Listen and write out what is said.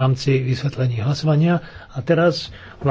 rámci vysvetlení hlasovania. A teraz